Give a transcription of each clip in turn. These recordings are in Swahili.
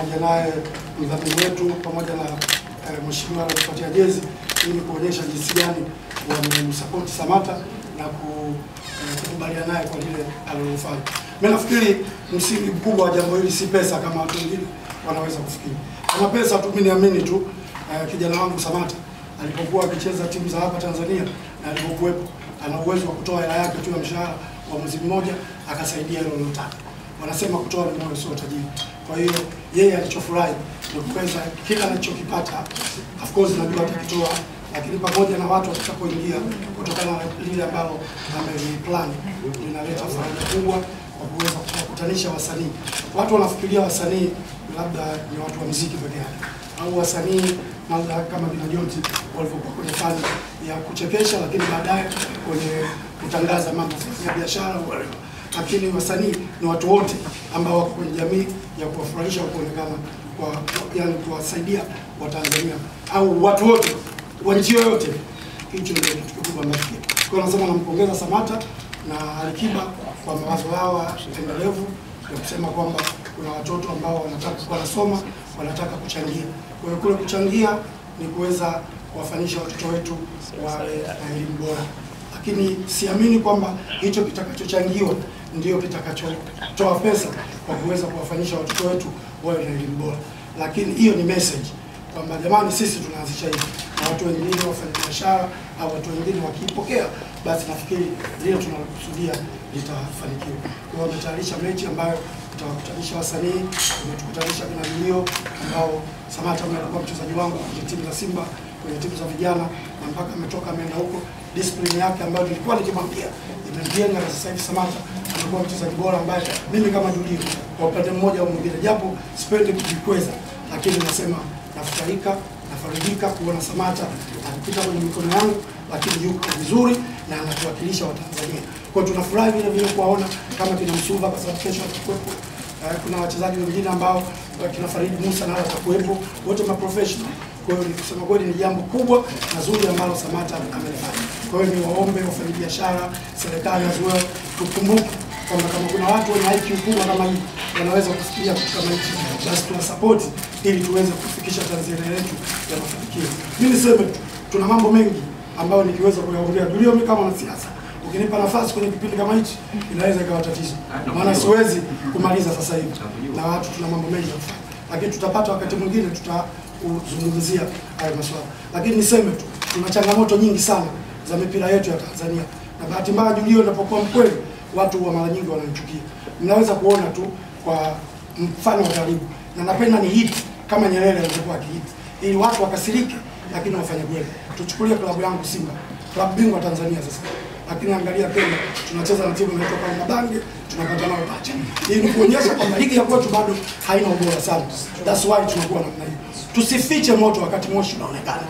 pamoja naye mdhamini wetu pamoja na eh, mheshimiwa anatupatia jezi ili kuonyesha jinsi gani wamemsupport Samata na eh, kukubaliana naye kwa lile alilofanya. Mimi nafikiri msingi mkubwa wa jambo hili si pesa kama watu wengine wanaweza kufikiri. Kama pesa tu, mimi niamini tu eh, kijana wangu Samata alipokuwa akicheza timu za hapa Tanzania na alipokuwepo, ana uwezo wa kutoa hela yake tu ya mshahara wa mwezi mmoja akasaidia hilo wanasema kutoa ni moyo sio tajiri Kwa hiyo yeye alichofurahi ni kuweza kila anachokipata, of course najua atakitoa, lakini pamoja na watu watakapoingia, kutokana na lile ambalo plan linaleta faida kubwa kwa kuweza kuwakutanisha wasanii. Watu wanafikiria wasanii labda ni watu wa muziki peke yake au wasanii labda kama vile Jonti walivyokuwa kwenye fani ya kuchekesha, lakini baadaye kwenye kutangaza mambo ya biashara whatever lakini wasanii ni watu wote ambao wako kwenye jamii ya kuwafurahisha kuonekana kwa, yani kuwasaidia Watanzania au watu wote wa nchi yoyote. Hicho ndio kitu kikubwa ambacho kwa nasema, nampongeza Samata na Alikiba kwa mawazo hawa endelevu ya kusema kwamba kuna watoto ambao wanataka wanasoma, wanataka kuchangia. Kwa hiyo kule kuchangia ni kuweza kuwafanyisha watoto wetu wawe na elimu bora lakini siamini kwamba hicho kitakachochangiwa ndio kitakachotoa pesa kwa kuweza kuwafanyisha watoto wetu wawe na elimu bora. Lakini hiyo ni message kwamba jamani, sisi tunaanzisha hivi na watu wengine wafanya biashara au watu wengine wakipokea, basi nafikiri lile tunalokusudia litafanikiwa. Kwa wametayarisha mechi ambayo tutawakutanisha wasanii, umetukutanisha kina Mlio ambao Samata alikuwa mchezaji wangu kwenye timu la Simba kwenye timu za vijana na mpaka ametoka ameenda huko, discipline yake ambayo nilikuwa nikimwambia imemjenga, na sasa hivi Samata amekuwa mchezaji bora ambaye mimi kama Julio kwa upande mmoja au mwingine, japo sipendi kujikweza, lakini nasema nafurahika nafarijika kuona Samata akipita kwenye mikono yangu, lakini yuko vizuri na anatuwakilisha Watanzania. Kwa hiyo tunafurahi vile vile kuwaona kama kina Msuva, kwa sababu kesho atakuwepo. Uh, kuna wachezaji wengine ambao eh, kina Farid Musa na hata atakuwepo, wote ma professional kwa hiyo kusema kweli ni jambo kubwa na zuri ambalo Samata amelifanya. Kwa hiyo ni waombe wafanyabiashara, serikali as well tukumbuke kwamba kama kuna watu wenye IQ kubwa kama hii wanaweza kufikiria kitu kama hichi, basi tuna support ili tuweze kufikisha Tanzania yetu ya mafanikio. Mimi niseme tu, tuna mambo mengi ambayo nikiweza kuyaongelea tulio mimi kama mwanasiasa ukinipa nafasi kwenye kipindi kama hichi inaweza ikawa tatizo, maana siwezi kumaliza sasa hivi, na watu tuna mambo mengi ya kufanya, lakini tutapata wakati mwingine tuta kuzungumzia hayo masuala, lakini niseme tu kuna changamoto nyingi sana za mipira yetu ya Tanzania, na bahati mbaya Julio, inapokuwa mkweli, watu wa mara nyingi wanamchukia. Mnaweza kuona tu kwa mfano wa karibu, na napenda ni hit kama Nyerere alivyokuwa akihiti ili watu wakasirike, lakini wafanye kweli. Tuchukulie klabu yangu Simba, klabu bingwa Tanzania sasa lakini angalia Kenya tunacheza na timu inaitwa Pamba Bange, tunapata nao pacha. Hii ni kuonyesha kwamba ligi ya kwetu bado haina ubora sana, that's why tunakuwa namna hii tusifiche moto wakati moshi unaonekana.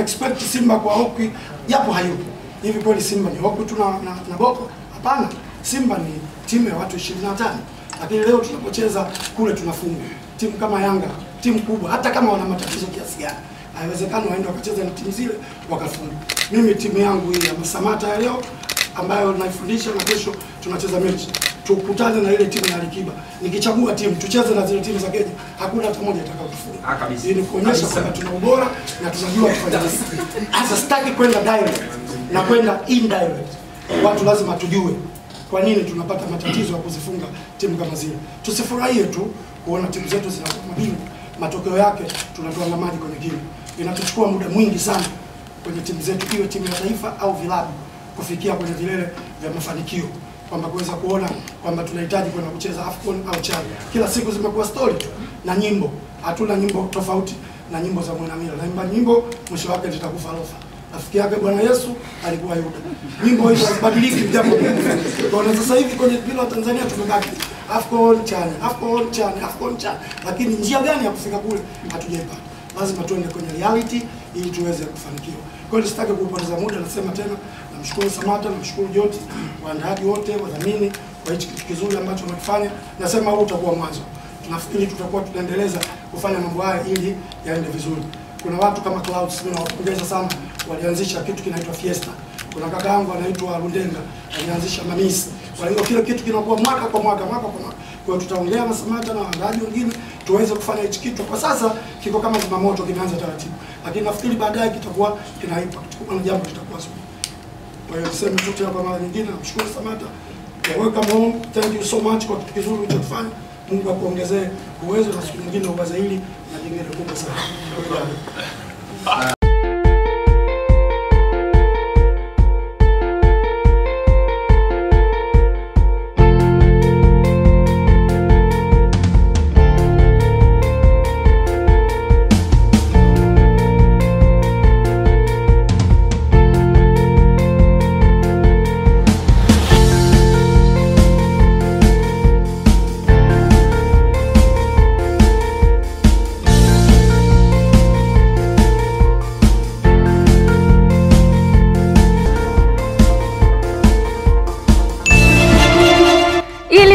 expect Simba kwa hoki japo hayupo. Hivi kweli Simba ni hoki tu na, na, na Boko? Hapana, Simba ni timu ya watu 25. Lakini leo tunapocheza kule tunafunga. Timu kama Yanga, timu kubwa, hata kama wana matatizo kiasi gani, haiwezekani waende wakacheza na timu zile wakafunga. Mimi timu yangu hii ya Masamata ya leo ambayo naifundisha na kesho tunacheza mechi tukutane na ile timu ya Alikiba. Nikichagua timu tucheze na zile timu za Kenya, hakuna hata moja itakayokufunga. Ah, kabisa. Ili kuonyesha kwamba tuna ubora na tunajua kufanya Hasa sitaki kwenda direct na kwenda indirect. Watu lazima tujue kwa nini tunapata matatizo ya kuzifunga timu kama zile. Tusifurahie tu kuona timu zetu zinakuwa mabingwa, matokeo yake tunatoa maji kwenye kinu. Inatuchukua muda mwingi sana kwenye timu zetu, iwe timu ya taifa au vilabu, kufikia kwenye vilele vya mafanikio kwamba kuweza kuona kwamba tunahitaji kwenda kucheza AFCON au CHAN. Kila siku zimekuwa story tu na nyimbo, hatuna nyimbo tofauti na nyimbo za Mwanamila. Naimba nyimbo, mwisho wake nitakufa rofa rafiki yake Bwana Yesu alikuwa Yuda. Nyimbo hizo hazibadiliki jambo kubwa. Tunaona sasa hivi kwenye mpira wa Tanzania tumebaki AFCON CHAN, AFCON CHAN, AFCON CHAN, lakini njia gani ya kufika kule hatujaipata. Lazima tuende kwenye reality ili tuweze kufanikiwa. Kwa hiyo sitaki kuupoteza muda, nasema tena namshukuru Samata, namshukuru Joti, waandaaji wote, wadhamini kwa hichi kitu kizuri ambacho wamekifanya. Nasema huu utakuwa mwanzo, tunafikiri tutakuwa tunaendeleza kufanya mambo haya ili yaende vizuri. Kuna watu kama Clouds, mimi nawapongeza sana, walianzisha kitu kinaitwa Fiesta. Kuna kaka yangu anaitwa Rundenga alianzisha Mamisi. Kwa hiyo kile kitu kinakuwa mwaka kwa mwaka, mwaka kwa mwaka. Kwa hiyo tutaongea na Samata na waandaaji wengine tuweze kufanya hichi kitu. Kwa sasa kiko kama zimamoto, kinaanza taratibu, lakini nafikiri baadaye kitakuwa kinaipa, kitakuwa na jambo litakuwa zuri. Kwa hiyo niseme chote hapa mara nyingine, namshukuru Samata ya welcome home. Thank you so much kwa kitu kizuri ulichofanya. Mungu akuongezee uwezo na siku nyingine ubaze hili na jingine kubwa sana.